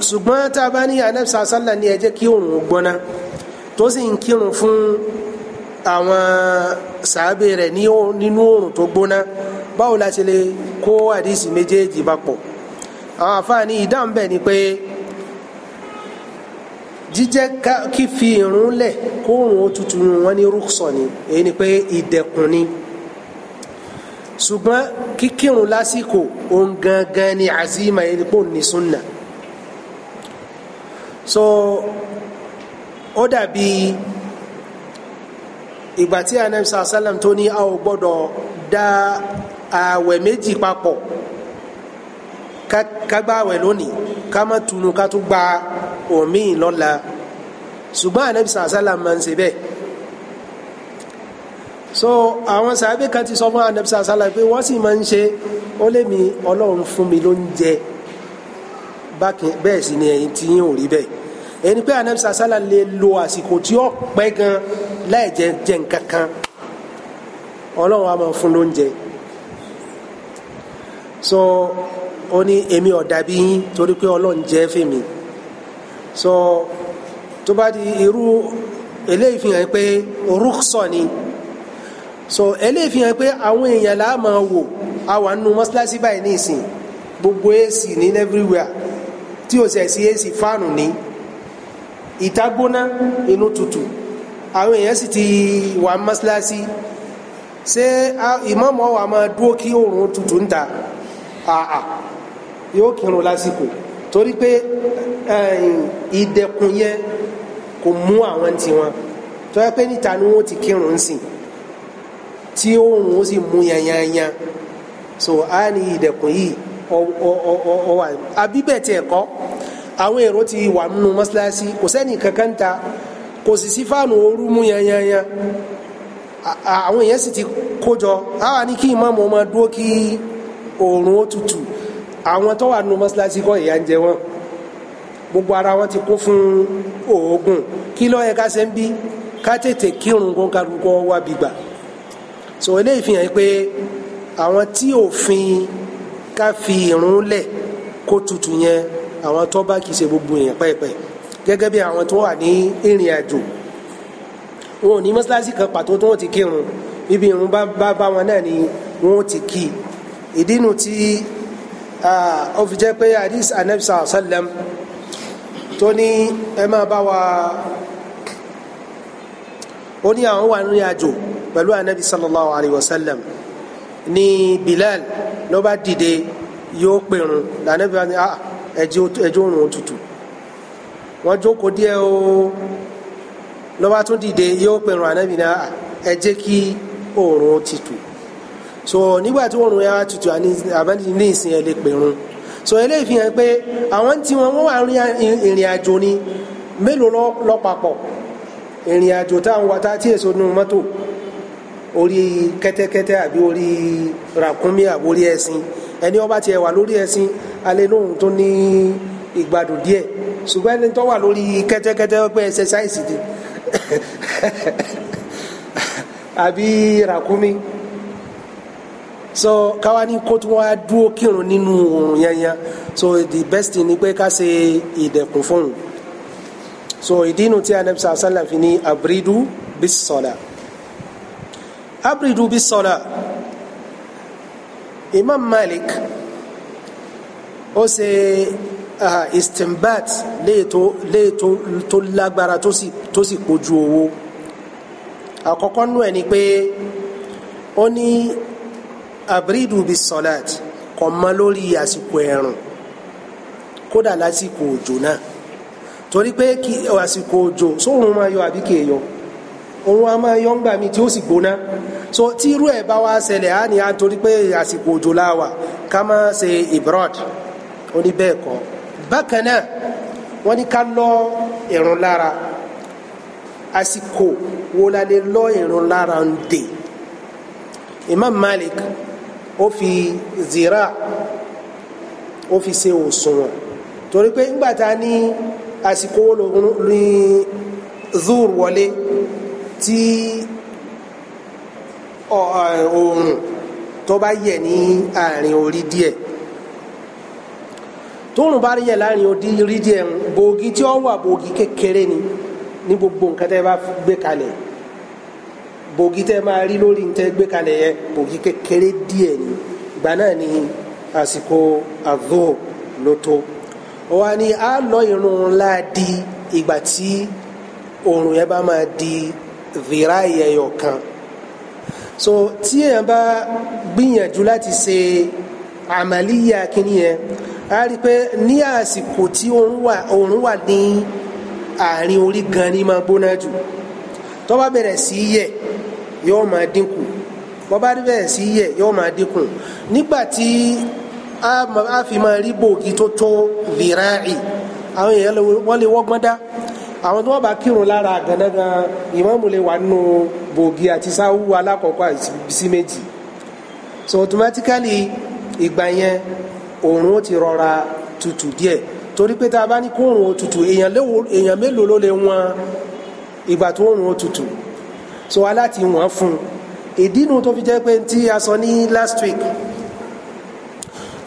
ṣùgbọ́n tá a bá ní anabi sàṣàlà ni ẹ jẹ́ kí òun gbọ́ná tó sì ń kírun fún àwọn sàábé rẹ̀ nínú òrùn tó gbóná báwo la ṣe lè kó àdìsí méjèèjì bá pọ̀ àwọn àfáàní ìdáhùn bẹ́ẹ̀ ni pé jíjẹ́ kí fi irun lẹ̀ kó òrùn ó wọn ní rúkṣọ̀ ni èyí ni pé ìdẹ̀kùn ni ṣùgbọ́n kíkírun lásìkò òun gangan ni azima yẹn pò ní sunna so ó dàbí ìgbà tí anabi sàlám tó ní a ò gbọ́dọ̀ dá ààwẹ̀ méjì papọ̀ kagbá àwẹ̀ lónìí ká má tunu ká tún gba omi lọ́la ṣùgbọ́n anabi sàlám máa ń ṣe bẹ́ẹ̀ so àwọn sàbẹ kan ti sọ fún anabi sàlá pé wọ́n sì máa ń ṣe ó lé mi Ọlọ́run fún mi ló ń jẹ bẹ́ẹ̀ sì ni ẹ̀yin tí yín ò rí bẹ́ẹ̀ ẹni pé anabi sàlá lè lo àsìkò tí ó pẹ́ gan láì jẹ jẹ nǹkan kan Ọlọ́run á máa fún ló ń jẹ so ó ní èmi ò dàbí yín torí pé Ọlọ́run jẹ́ fèmí so tó bá di irú eléyìí fi hàn pé orúkọ ni. So, so eléyìí fi hàn pé àwọn èèyàn là á máa wò àwọn nínú mọ́ṣáláṣí báyìí ní ìsìn gbogbo ac ní everywhere tí o sì sí ac fáànù ní ìta gbóná inú tutù àwọn èèyàn sì ti wà mọ́ṣáláṣí ṣé ìmọ̀mọ́ wa máa dúró kí oòrùn tutù ń ta àà yóò kírun lásìkò torí pé ìdẹkùn yẹn kò mú àwọn tiwọn tó yẹ pé níta ni wọn ti kírun ń sìn. tí òun ó sì mú yanyanya so a ní ìdẹ̀kùn yìí ọ wà àbí bẹ́ẹ̀ àwọn èrò ti wà nínú mọ́ṣáláṣí kò sẹ́ni kankan ta kò sì sí fáànù ooru mú yanyanya àwọn èèyàn ti kójọ àwa ní kí ìmáàmù máa dúró kí oòrùn ó tutù àwọn tó wà nínú kọ́ ń jẹ gbogbo ara wọn ti kún fún oògùn kí yẹ ká ṣe ń bí ká tètè so eléyìí fi hàn pé àwọn tí òfin ká fi irun lẹ̀ kó tutù yẹn àwọn tó bá kìí ṣe gbogbo èèyàn pẹ́ẹ́pẹ́ gẹ́gẹ́ bí àwọn tó wà ní ìrìn àjò wọn ò ní mọ́ṣáláṣí kan pàtó tó wọ́n ti kírun ibi irun bá bá wọn náà ni wọ́n ti kí ìdínú tí ó fi jẹ́ pé hadith anabi sallam tó ní ẹ máa bá wa ó ní àwọn wà ní àjò pẹ̀lú anabi sallallahu alayhi wa sallam ní Bilal ló bá dìde yóò pèrún lànàbí wa ni ah ẹjọ́ òrùn òtútù wọ́n jókòó díẹ̀ o ló bá tún dìde yóò pèrún ànábì ni ah ẹ kí òrùn òtútù so nígbà tí òrùn yà tutù àbáni ní ìsìn ẹ lè pèrún so eléyìí fi hàn pé àwọn tí wọn wọ́n wà ìrìn àjò ni mélòó lọ papọ̀ ìrìn àjò táwọn wà tá tí èso mọ́tò orí kẹ́tẹ́kẹ́tẹ́ àbí orí ràkúnmí àbí orí ẹṣin ẹni ó bá tiẹ̀ wà lórí ẹṣin alẹ́ lóhùn tó ní ìgbádùn díẹ̀ ṣùgbọ́n ẹni tó wà lórí kẹ́tẹ́kẹ́tẹ́ pé ẹsẹsáìsì di àbí ràkúnmí so káwa ní kó tí wọ́n á dúró kírun nínú oòrùn yanyan so the best thing ni pé ká ṣe ìdẹ̀kùn fóun so ìdí inú tí anabi sàlẹ̀ fi ní abridu bis sala abridu bis salah imam malik ó ṣe istinbat léètò tó lágbára tó sì kojú owó àkọ́kọ́ nú ẹ̀ ni pé ó ní abridu bis salat kò mọ lórí àsìkò ẹ̀rùn kódà lásìkò òjò náà torí pé àsìkò òjò sóòrùn máa yọ àbí kì í yọ òun a máa yọ ńgbà mi tí ó sì gbóná so tí irú ẹ̀ bá wá ṣẹlẹ̀ á ní à ń torí pé àsìkò òjò la wà ká máa ṣe ibrod ó ní bẹ́ẹ̀ kọ́ bákan náà wọ́n ní ká lọ ìrun lára àsìkò wo la lè lọ ìrun lára ń dè Imam Malik ó fi zira ó fi ṣe òṣùwọ̀n torí pé ńgbà tá a ní àsìkò wo lòun ní zur wọlé tí oòrùn tó bá yẹ ní àárín orí díẹ̀ tóòrùn bá yẹ láàrin orí díẹ̀ bòógì tí ó wà bòógì kékeré ni ní gbogbo nǹkan tẹ́ bá gbé kalẹ̀ bòógì tẹ́ máa rí lórí tẹ́ gbé kalẹ̀ yẹ bòógì kékeré díẹ̀ ni ìgbà náà ni àsìkò àdó ló tó wọ́n ní a lọ ìrun ńlá di ìgbà tí oòrùn yẹn bá máa di dhira'i ẹyọ kan so tí èèyàn bá gbìyànjú láti ṣe àmàlíyà kínní yẹn a rí pé ní àsìkò tí òòrùn wà ní àárín orí gan ni máa gbóná jù tó bá bẹ̀rẹ̀ sí í yẹ̀ yóò máa dínkù bó bá bẹ̀rẹ̀ sí í yẹ̀ yóò máa dínkù nígbà tí a fi máa rí bòógì tó tó dhira'i àwọn èèyàn wọ́n lè wọ́gbọ́n dá àwọn tó wọ́n bá kírun lára gànàgàn ìmáàmù lè wà nínú bògì àti sáwù alákọ̀ọ́kọ́ sí méjì so automatically ìgbà yẹn òòrùn ó ti rọra tutù díẹ̀ torí pé tá a bá ní kó òòrùn tutù èèyàn mélòó ló lè wọn ìgbà tó òòrùn tutù so aláti wọ́n fún un ìdínú tó fi jẹ́ pé tí a sọ ní last week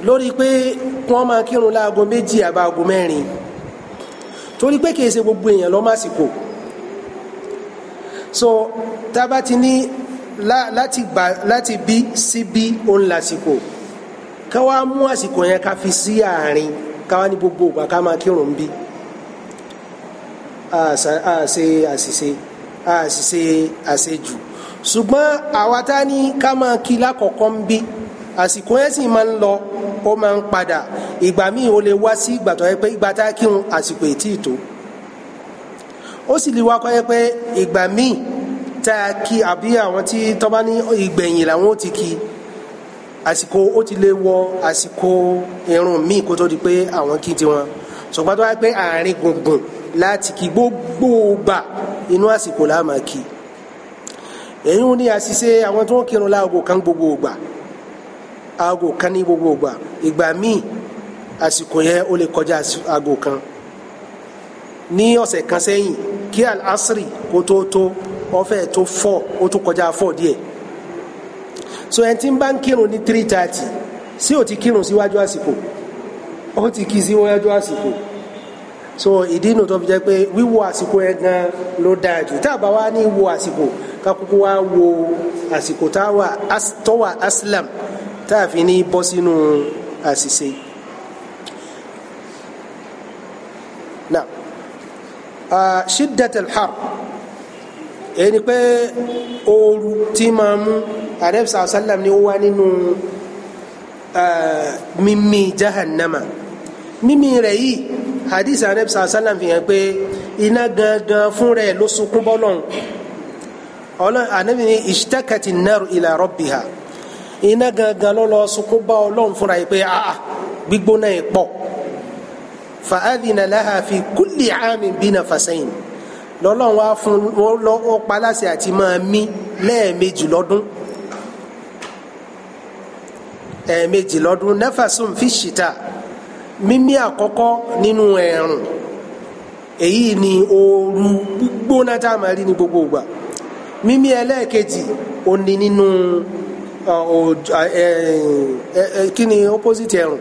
lórí pé wọ́n máa kírun láago méjì àbá aago mẹ́rin torí pé kìí ṣe gbogbo èèyàn ló máa sìkò so tába ti ní láti gbà láti bí sí bí òun lásìkò ká wá mú àsìkò yẹn ká fi sí àárín ká wá ní gbogbo ìgbà ká máa kírun bí àṣe àṣìṣe àṣìṣe àṣejù ṣùgbọ́n àwa tá ní ká máa kí lákọ̀ọ́kọ́ ń bí àsìkò yẹn sì máa ń lọ ó máa ń padà ìgbà míì ó lè wá sí ìgbà tó yẹ pé ìgbà tá a kírun àsìkò ètí ìtò ó sì lè wá kọ́ yẹ pé ìgbà míì tá kí àbí àwọn tí tó bá ní ìgbẹ̀yìn làwọn ó ti kí àsìkò ó ti lè wọ àsìkò irun míì kó tó di pé àwọn kí tiwọn ṣùgbọ́n tó wá pé àárín gbùngbùn láti kí gbogbo gbà inú àsìkò la máa kí èyí ni àṣìṣe àwọn tó ń kírun láago kan gbogbo gbà aago kan ní gbogbo ìgbà ìgbà míì àsìkò yẹn ó lè kọjá aago kan ní ọ̀sẹ̀ kan sẹ́yìn kí al-asri kó tó tó ọfẹ́ tó fọ́ ó tún kọjá fọ́ díẹ̀ so ẹni tí ń bá ń kírun ní three thirty sí ò ti kírun síwájú àsìkò ó ti kí síwájú àsìkò so ìdí inú tó fi jẹ́ pé wíwo àsìkò yẹn gan ló dáa jù tá a bá wá ní wo àsìkò ká kúkú wá wo àsìkò tá a wà tọ́wà aslam. As tá a fi ní bọ́ sínú àṣìṣe. náà ṣídẹ̀tẹ̀ lḥar ẹni pé ooru tí máa mú àdẹ́bísà sálàm ni ó wá nínú mímí jahannama mímí rẹ̀ yìí hadith àdẹ́bísà sálàm fi hàn pé iná gangan fún rẹ̀ ló sunkún bọ́lọ́n ọlọ́run ànábì ní ishtakati an-nar ila iná gangan ló lọ sunkún bá ọlọ́run fúnra yìí pé aa ah, ah, gbígbóná yìí pọ̀ fa adina laha fi kulli amin bina fasayin lọlọrun wá fún ó paláṣẹ àti máa mí lẹ́ẹ̀mejì lọ́dún ẹ̀ẹ̀mejì lọ́dún nẹ́fàsùn fi ṣìta mímí àkọ́kọ́ nínú ẹ̀rùn èyí ni ooru gbígbóná tá a máa rí ní gbogbo ìgbà mímí ẹlẹ́ẹ̀kejì ó ní nínú ẹ̀rùn. Uh, oh, uh, eh, eh, eh, kí ni opposite ẹ̀rùn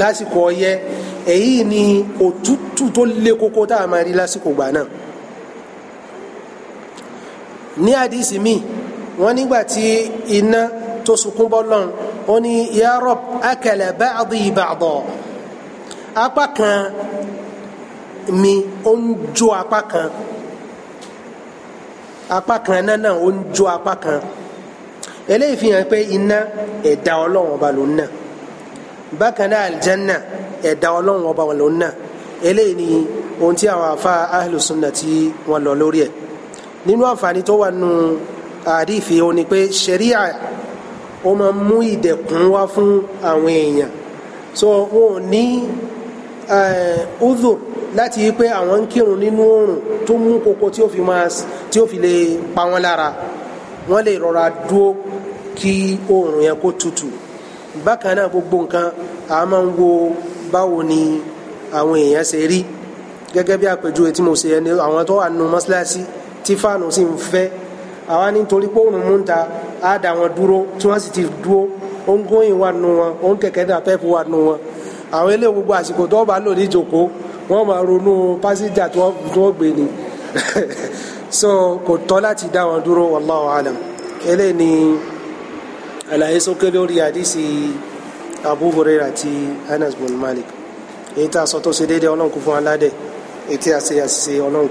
lásìkò ọyẹ́ èyí ni òtútù tó le koko tá a máa rí lásìkò gbà náà ní àdìsí mi wọ́n nígbà tí iná tó sunkún bọ́ lọ́n ó ní ya Rabb akala ba'di apá kan mi ó ń jó apá kan apá kan iná náà ó ń jó apá kan eléyìí fi hàn pé iná ẹ̀dá ọlọ́run ọba ló ń nà bákan náà aljanna ẹ̀dá ọlọ́run ọba ló ń nà eléyìí ni ohun tí àwọn afa ahlùsùnà tí wọ́n lọ lórí ẹ̀ nínú àǹfààní tó wà nù àdìfì ó ní pé ṣẹ̀ríà ó máa mú ìdẹ̀kùn wá fún àwọn èèyàn so wọn ò ní udhur láti yí pé àwọn ń kírun nínú oòrùn tó mú koko tí ó fi máa tí ó fi lè pa wọn lára wọn lè rọra dúó kí oòrùn yẹn kó tutù bákan náà gbogbo nǹkan a máa ń wo báwo ni àwọn èèyàn ṣe rí gẹ́gẹ́ bí àpèjúwe tí mo ṣe ẹni àwọn tó wà nínú mọ́ṣáláṣí tí fáànù sì ń fẹ́ àwa nítorí pé òun mú ta á dá wọn dúró tí wọ́n sì ti dúró òun góyìn wà nù wọn òun kẹ̀kẹ́ náà pẹ́ẹ́pù wà nù wọn àwọn eléyìí gbogbo àsìkò tó bá lò ní ìjòkó wọ́n máa ronú pásíjà tí wọ́n gbé ni so kò tọ́ láti dá wọn dúró wallahu alam eléyìí ni àlàyé sókè lórí àdìsí Abu Hurairah àti Anas bin Malik èyí tá a sọ tó ṣe déédéé ọlọ́run kò fún aládẹ èyí tí a ṣe àṣìṣe ọlọ́run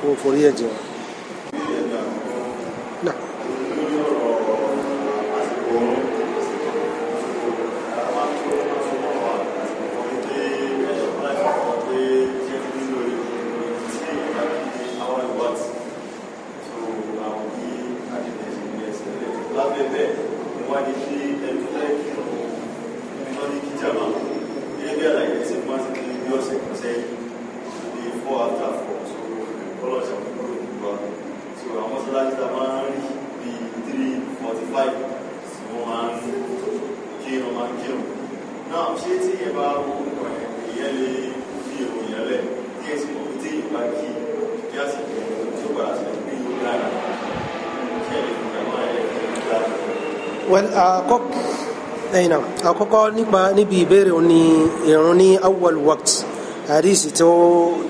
kò forí ẹ̀jẹ̀ wọn. àkọ́kọ́ nípa níbi ìbéèrè òní ìrun ní awwal waqt àdìsí tó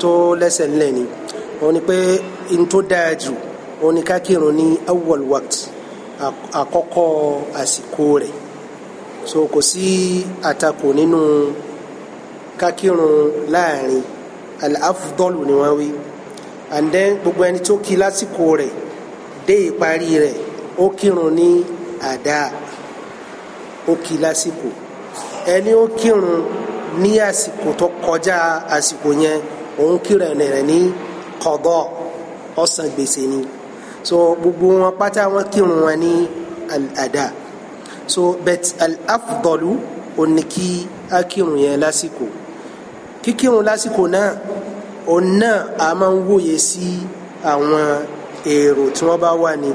tó lẹ́sẹ̀ ńlẹ̀ ni òun ni pé n tó dáa jù òun ni ká kírun ní awwal waqt àkọ́kọ́ àsìkò rẹ̀ so kò sí àtakò nínú ká láàrin al ni wọ́n wí and then gbogbo ẹni tó kí lásìkò rẹ̀ dé ìparí rẹ̀ ó kírun ní àdáa ó kí lásìkò ẹni ó kírun ní àsìkò tó kọjá àsìkò yẹn òun kírun rẹ̀ ní kọ̀dọ̀ ọ̀sán gbèsè ni so gbogbo wọn pátá wọn kírun wọn ní àdá so bet al-afdalu ó ní kí á kírun yẹn lásìkò kíkírun lásìkò náà òun a máa ń wòye sí àwọn èrò tí wọ́n bá wà ní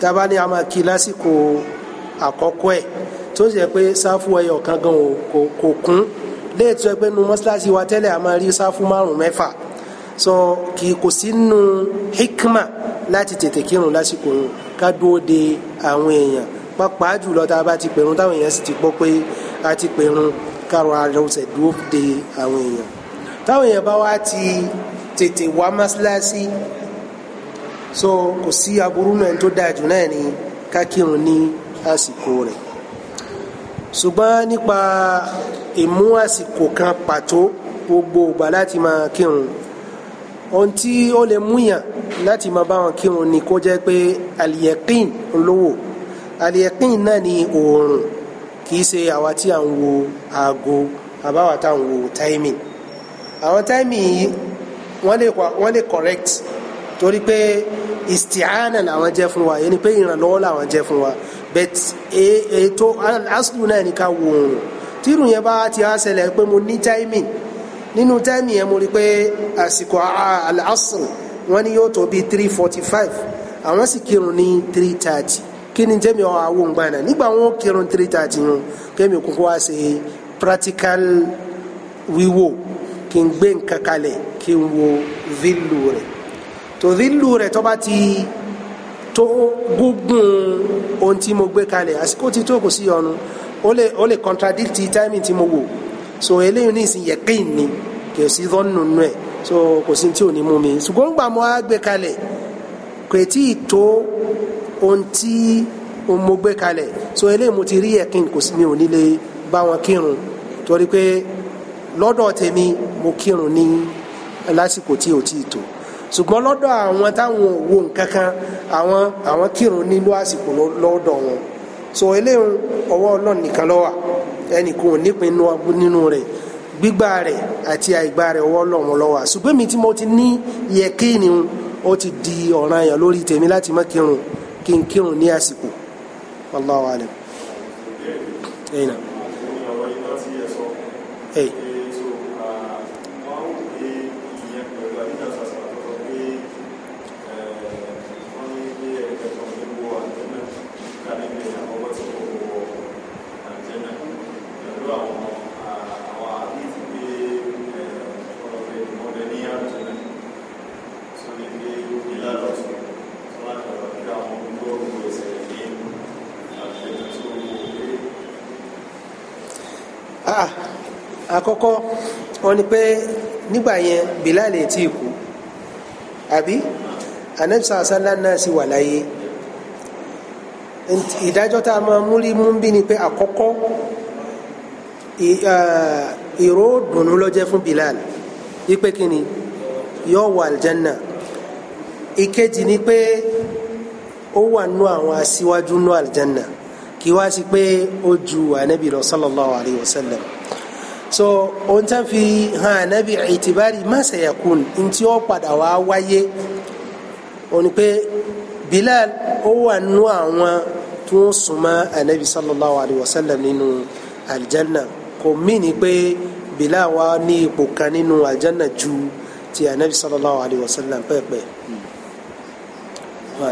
tábà a máa kí lásìkò àkọ́kọ́ ẹ̀ tó sì yẹ pé sáfù ẹyọ kan gan kò kò kún léètò ẹ nu mọ́ṣáláṣí wa tẹ́lẹ̀ a máa rí sáfù márùn mẹ́fà so kì kò sí nu hikma láti tètè kírun lásìkò yìí ká dúró de àwọn èèyàn pàápàá jùlọ tá a bá ti pèrun táwọn èèyàn sì ti gbọ́ pé a ti pèrun kárọ ara ọ̀sẹ̀ dúró de àwọn èèyàn táwọn èèyàn bá wá ti tètè wá mọ́ṣáláṣí so kò sí aburú náà tó dáa jù náà ni ká kírun ní àsìkò rẹ̀ ṣùgbọ́n nípa ìmú àsìkò kan pàtó gbogbo ìgbà láti máa kírun ohun tí ó lè múyàn láti máa bá wọn kírun ni kó jẹ́ pé àlìyẹ̀kín lówó àlìyẹ̀kín náà ni oòrùn kì í ṣe àwa tí à ń wo aago àbáwá tá à ń wo timing àwọn timing yìí wọ́n lè wọ́n lè correct torí pé isti'ana làwọn jẹ́ fún wa yẹn ni pé ìrànlọ́wọ́ làwọn jẹ́ fún wa bet ètò e, e, aslu náà ní ká wo oòrùn tírun yẹn bá ti á ṣẹlẹ̀ pé mo ní timing nínú timing yẹn mo rí pé àsìkò al-asr wọn ni yóò tó bí three forty five àwọn sì kírun ní three thirty kí ni jẹ́mi ọ̀ àwọn ògbà náà nígbà wọn kírun three thirty yẹn kẹ́mi kúkú wá ṣe practical wíwò kí n gbé nǹkan kalẹ̀ kí n wo fílù rẹ̀ tó fílù rẹ̀ tó bá ti tó gúngùn ohun tí mo gbé kalẹ̀ àsìkò tí tó kò sí ọ̀nù ó lè ó lè contradict timing tí mo wò so eléyìí ní ìsìn yẹ̀kín ni kì í sí dọ́nù nù ẹ̀ so kò sí tí ò ní mú mi ṣùgbọ́n gbà mo á kalẹ̀ kò tí ì tó ohun tí mo gbé kalẹ̀ so eléyìí mo ti rí yẹ̀kín kò sí mi ò ní lè bá wọn kírun torí pé lọ́dọ̀ tèmi mo kírun ní lásìkò tí ò tí ì tó ṣùgbọ́n lọ́dọ̀ àwọn táwọn wo nǹkan kan àwọn àwọn kírun nílò àsìkò lọ́dọ̀ wọn so eléyìí ọwọ́ ọlọ́run nìkan ló wà ẹnìkan ò nípìn nínú rẹ̀ gbígbà rẹ̀ àti àìgbà rẹ̀ ọwọ́ ọlọ́run ló wà ṣùgbọ́n mi tí mo ti ní yẹkíni ó ti di ọ̀ràn àyàn lórí tèmi láti má kírun kí n kírun ní àsìkò wallahu alam. Hey. àkọ́kọ́ wọn ni pé nígbà yẹn Bilal ti kú àbí anabisa asala náà sì wà láyé ìdájọ́ tá a máa múlí mú bí ni pé àkọ́kọ́ ìró dùnú ló jẹ́ fún Bilal wípé kí ni yóò wà aljanna ìkejì ni pé ó wà nú àwọn aṣíwájú nú aljanna kí wá sí pé ó ju anabi lọ sallallahu alayhi wa sallam so ohun tán fi hàn ànábì ìtìbárì má sẹ̀yẹ̀kùn ntí ó padà wá wáyé òní pé Bilal ó wà nù àwọn tó ń súnmọ́ ànábì sallallahu alayhi wa sallam nínú aljanna kò mí ni pé Bilal wà ní ipò kan nínú aljanna ju ti ànábì sallallahu alayhi wa sallam pẹ́ẹ́pẹ́ẹ́. Wa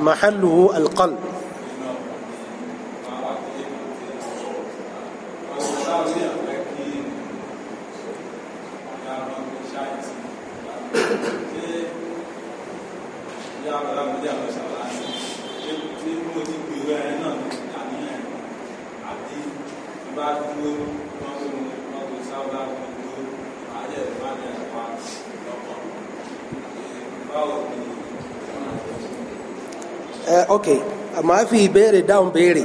محله القلب wàá fi ìbéèrè dáhùn béèrè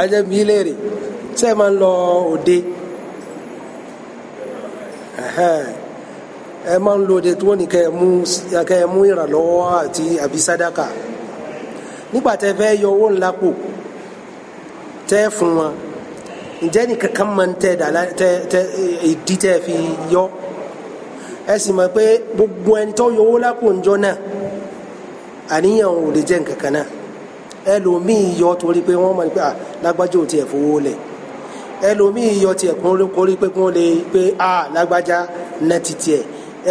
àjẹ mi léèrè ṣé ẹ máa ń lọ òde ẹ máa ń lọ òde tí wọ́n ní kẹ́ ẹ mú ìrànlọ́wọ́ àti àbí sádàkà nígbà tẹ́ fẹ́ yọ owó ńlá pò tẹ́ fún wọn ǹjẹ́ ní kankan máa ń tẹ́ ìdí tẹ́ fi yọ ẹ sì mọ̀ pé gbogbo ẹni tó yọ owó lápò ńjọ náà àníyàn ò lè jẹ́ nǹkan kan náà ẹlòmíì yọ torí pé wọ́n máa ń pè à lágbájá ò tiẹ̀ fowó lẹ̀ ẹlòmíì yọ tiẹ̀ kórí pé kún lè pé à lágbájá náà ti tiẹ̀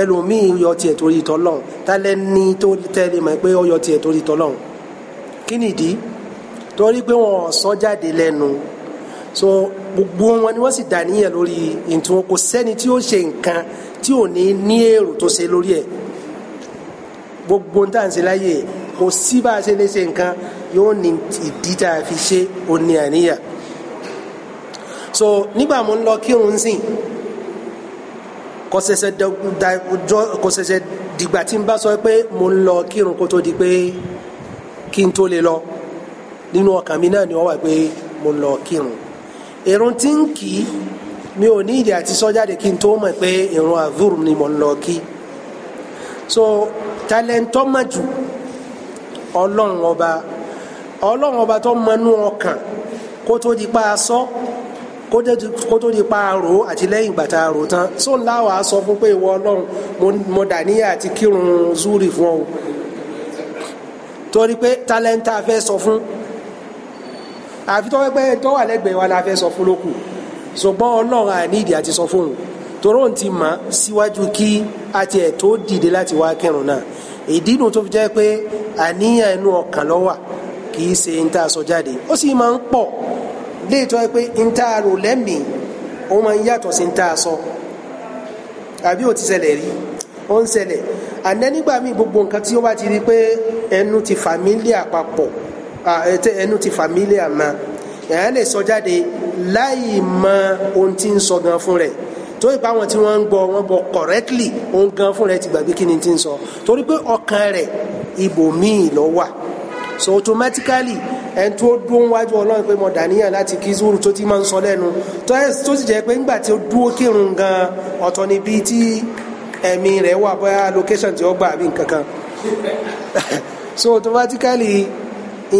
ẹlòmíì yọ tiẹ̀ torí tọ́lọ́hún tálẹ́ ní tó tẹ́lẹ̀ mọ̀ pé ó yọ tiẹ̀ torí tọ́lọ́hún kí nìdí torí pé wọn sọ jáde lẹ́nu so gbogbo wọn ni wọ́n sì dàníyàn lórí ìtún kò sẹ́ni tí ó ṣe nǹkan tí ò ní ní èrò tó ṣe lórí ẹ̀ gbogbo ń tà ń ṣe láyè kò sí bá a ṣe lè nǹkan yóò ní ìdí tá a fi ṣe ó ní so nígbà mo ń lọ kírun sìn kò ṣẹ̀ṣẹ̀ dìgbà tí n bá sọ pé mo ń lọ kírun kó tó di pé kí n tó lè lọ nínú ọkàn mi náà ni wọ́n wà pé mo ń lọ kírun irun tí ń kì í mi ò ní ìdí àti sọ́jáde kí n tó mọ̀ pé irun àdúrù ni mo ń lọ kí so talẹ́ntọ́ mọ̀ jù ọlọ́run ọba ọlọ́run ọba tó mọnú ọkàn kó tó di pa sọ kó tó di pa ro àti lẹ́yìn ìgbà tá a ro tán só ńlá wàá sọ fún pé ìwọ ọlọ́run mo dà níyà àti kírun zúrì fún ọ torí pé talẹ́ntà fẹ́ sọ fún àfi tó wẹ́pẹ́ tó lẹ́gbẹ̀ẹ́ wa la fẹ́ sọ fún lókù ṣùgbọ́n ọlọ́run àìnídìí àti sọ fún òun toró ń ti mọ̀ síwájú kí a tiẹ̀ tó dìde láti wá kírun náà ìdínú tó fi jẹ́ pé àníyàn ẹnu ọkàn ló wà kì í ṣe níta sọ jáde ó sì máa ń pọ̀ léètọ́ pé níta rò lẹ́mìí ó máa ń yàtọ̀ sí níta sọ àbí ò ti ṣẹlẹ̀ rí ó ń ṣẹlẹ̀ àná nígbà míì gbogbo nǹkan tí ó bá ti rí pé ẹnu ti fàmílíà papọ̀ ẹnu ti fàmílíà mọ́ èèyàn lè sọ jáde láì mọ ohun tí ń sọ gan fún rẹ̀ tó ipa àwọn tí wọ́n ń gbọ́ wọ́n gbọ́ correctly òun gan fún rẹ ti gbàgbé kí ni ti ń sọ torí pé ọkàn rẹ̀ ibòmíì lọ wà so automatically ẹni tó dúró wájú ọlọ́run pé mo dàníyàn láti kí zuru tó ti máa ń sọ lẹ́nu tó sì jẹ́ pé nígbà tí ó dúró kírun gan ọ̀tọ̀ níbi tí ẹ̀mí rẹ̀ wà bóyá location tí ó gbà àbí nǹkan so automatically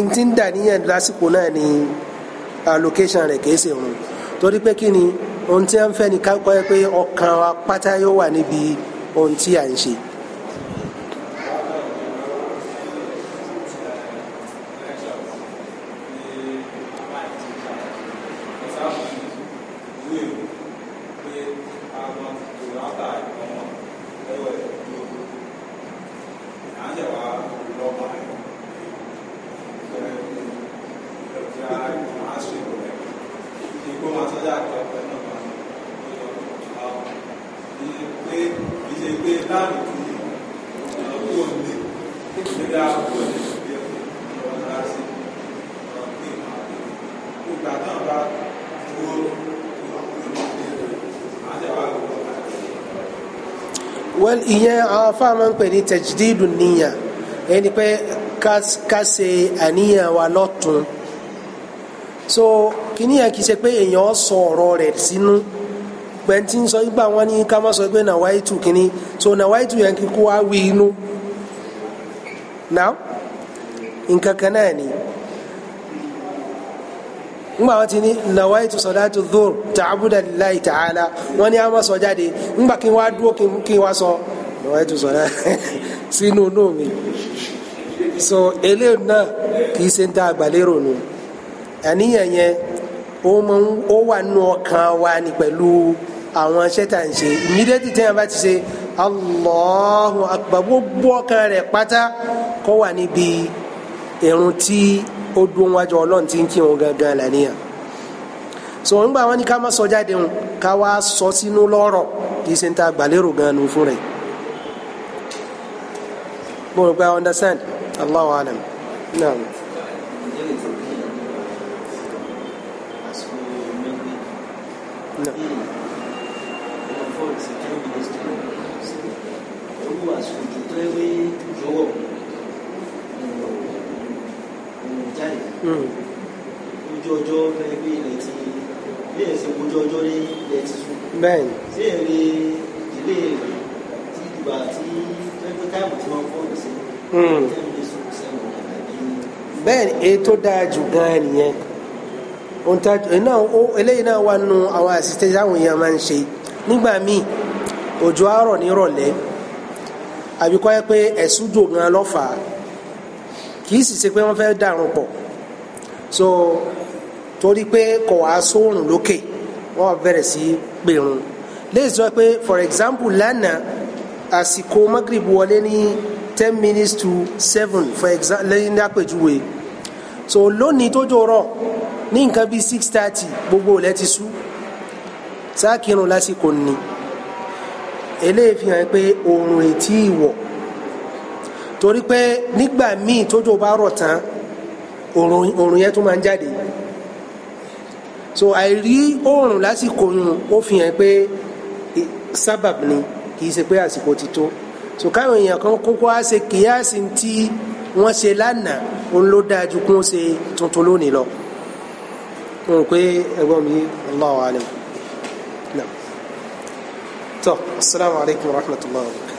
n ti ń dàníyàn lásìkò náà ni location rẹ̀ kìí ṣe òun torí pé kí ni ohun tí a ń fẹ́ ni ká kọ́ ẹ pé ọkàn wa pátá yóò wà níbi ohun tí à ń ṣe. wẹ́l ìyẹn àwọn afá máa ń pè ní tajdidu níyà ẹni pé ká ṣe àníyàn wa lọ́tun so kíní yẹn kìí ṣe pé èèyàn sọ ọ̀rọ̀ rẹ̀ sínú pẹ̀ntì ń sọ ìgbà wọn ní ká má sọ pé nàwáìtù kíní so nàwáìtù yẹn kí kó wá wí inú now nǹkan kan náà ni ngba wọn ti ní nawaitu sọdáàtú dhur ta'abuda lillahi ta'ala wọn ni a ma sọ jáde ngba kí n wá dúró kí n wá sọ nawaitu sọdá sínú nù mi so eléyìí náà kì í ṣe ń ta àgbàlérò nù àníyàn yẹn ó mọ ó wà nù ọkàn wa ni pẹ̀lú àwọn iṣẹ́ tá à ń ṣe bá ti ṣe Allahu akbar gbogbo ọkàn rẹ̀ pátá kó wà níbi irun tí ó dúró wájú ọlọ́run tí ń kí wọn gangan lànìyàn so ńgbà wọn ni ká má sọ jáde wọn ká wá sọ sínú lọ́rọ̀ kì í ṣe ń ta gbàlérò gan nu fún rẹ̀ mo rò pé i understand allah wa alam naam. No. Hmm. ojú ọjọ́ fẹ́ẹ́ bí ilẹ̀ ti bí èsì ojú ọjọ́ ní ilẹ̀ ti sùn. bẹ́ẹ̀ni. sí èrè ìdílé rẹ̀ tí ìdìbò àti ẹgbẹ́ táìmù tí wọ́n fọ́ọ̀nù sí. Hmm. bẹ́ẹ̀ni èyí tó dáa jù gan-an nìyẹn eléyìí náà wà nù àwọn àṣìṣe táwọn èèyàn máa ń ṣe nígbà míì òjò àárọ̀ nírọ̀lẹ́ àbíkọ́ yẹ pé ẹ̀sùn jò gan-an lọ́fàá kì í sì ṣe pé wọ́n fẹ́ dàrún pọ̀ so torí pé kò wá sóòrùn lókè wọ́n bẹ̀rẹ̀ sí pèrún léyìí pé for example lánàá àsìkò magrib wọlé ní ten minutes to seven for example lẹ́yìn lápèjúwe so lónìí tó jọrọ ní nǹkan bíi six thirty gbogbo ilẹ̀ ti ṣú sáàkirun lásìkò ni eléyìí fi hàn pé oòrùn ètí ìwọ̀ torí pé nígbà míì tójò bá rọ̀ tán òrùn yẹn tún máa ń jáde so àìrí òrùn lásìkò yun ó fi hàn pé sábàb ni kì í ṣe pé àsìkò ti tó so káwọn èèyàn kan kókó á ṣe kìyàsí tí wọ́n ṣe lánàá òun ló dáa ju kún ṣe tuntun lónìí lọ mo rò pé ẹ̀gbọ́n mi Allahu alim náà tó asalaamualeykum wa rahmatulahi